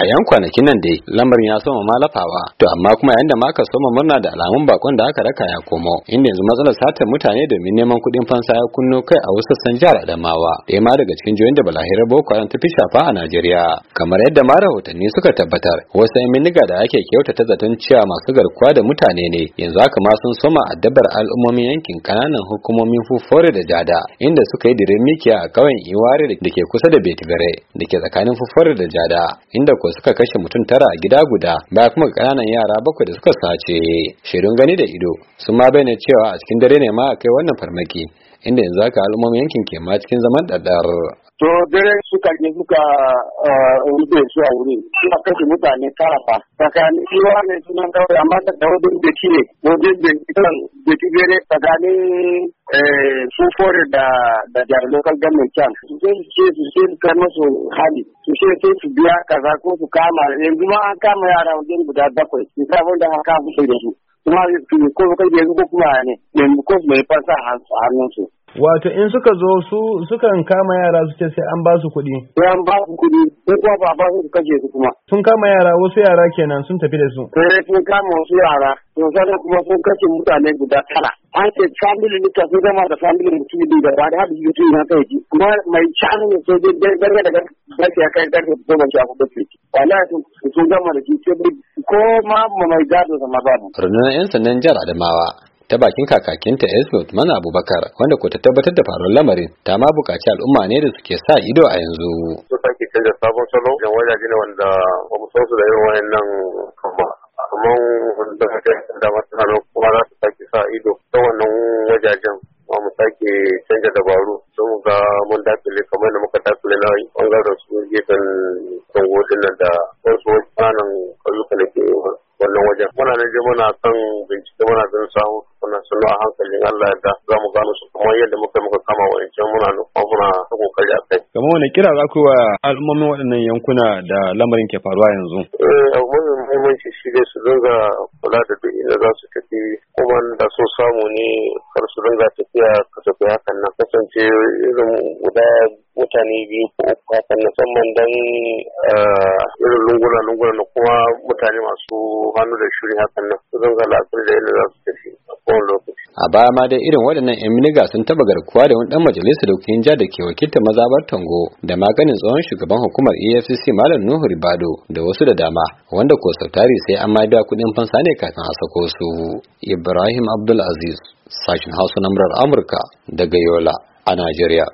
a yan kwanakin nan dai lamarin ya soma ma lafawa to amma kuma yayin da ma ka soma murna da alamun bakon da aka raka ya komo inda yanzu matsalar satar mutane domin neman kuɗin fansa ya kunno kai a wasu sassan jihar Adamawa ɗaya ma daga cikin jihohin da balahirar Boko Haram ta fi shafa a Najeriya kamar yadda ma rahotanni suka tabbatar wasu yan bindiga da ake kyautata zaton cewa masu garkuwa da mutane ne yanzu haka ma sun soma addabar al'ummomin yankin kananan hukumomin Fufore da Jada inda suka yi diren mikiya a kauyen Iware da ke kusa da betibare da ke tsakanin Fufore da Jada inda ko bakwai suka kashe mutum tara a gida guda ba kuma kananan yara bakwai da suka sace shirin gani da ido sun ma bayyana cewa a cikin dare ne ma a kai wannan farmaki inda yanzu haka al'ummomin yankin ke ma cikin zaman ɗaɗɗar to dare suka je suka rufe eh, su a wuri suna kashe mutane karafa tsakanin iwa ne sunan kawai amma ta kawo da beki ne wajen beki gere tsakanin eh, su fore da da jihar local government can su ce su ce su ce su kai masu hali su ce sai su biya kaza ko su kama yanzu ma an kama yara wajen guda bakwai wanda an kama su da su kuma ko kai yanzu ko kuma ne ko mai fasa hannunsu Wato in suka zo su sukan kama yara su sai an ba su kuɗi. Sai an ba su kuɗi, sai kuma ba ba su kaje su kuma. Sun kama yara wasu yara kenan sun tafi da su. Sai eh, sun kama wasu yara, to sai kuma sun kashe mutane guda tara. An ce family ta sun gama da family mutum biyu da da haɗu yutu na kai ji. Kuma mai cani ne sai dai dai dai daga ya kai gaske su goma shafu gaske. Wallahi sun gama da shi sai ko ma mai gado ma babu. Rundunar 'yan sandan jihar Adamawa ta bakin ta Esme mana Abubakar wanda ko ta tabbatar da faruwar lamarin ta ma buƙaci al'umma ne da suke sa ido a yanzu. Sun sake canza sabon salo da wajaje ne wanda ba mu san da irin wayannan kuma amma wanda kake da masana kuma za su sake sa ido ta wannan wajajen ba mu sake canza dabaru don mu ga mun dakile kamar da muka dakile na bangaren su gefen kongo nan da wasu wasu ƙananan ƙauyuka da ke wannan wajen muna nan je muna kan bincike muna don samu sannan suna a hankalin Allah yadda za mu gano su kuma yadda muka muka kama yankin muna nufa muna ta kokari a kai. Kamar wani kira za ku wa al'ummomin waɗannan yankuna da lamarin ke faruwa yanzu? Eh, abu mafi muhimmanci shi ne su dinga kula da duk inda za su tafi kuma da so samu ne kar su dinga tafiya ka tafi hakan nan kasance irin guda mutane biyu ko uku hakan musamman dan eh, irin lungula-lungula na kuma mutane masu hannu da shuri hakan nan su dinga lafiyar da yadda za su tafi. A baya ma dai irin waɗannan 'yan miniga sun taɓa garkuwa da wani ɗan majalisar dokokin jihar da ke wakiltar mazabar Tango da maganin tsohon shugaban hukumar EFCC Malam Nuhu Ribado da wasu da dama wanda ko sautari sai an ma biya kuɗin fansa ne kafin a sako su. Ibrahim Abdulaziz, sashen Hausa na Amurka daga Yola a Najeriya.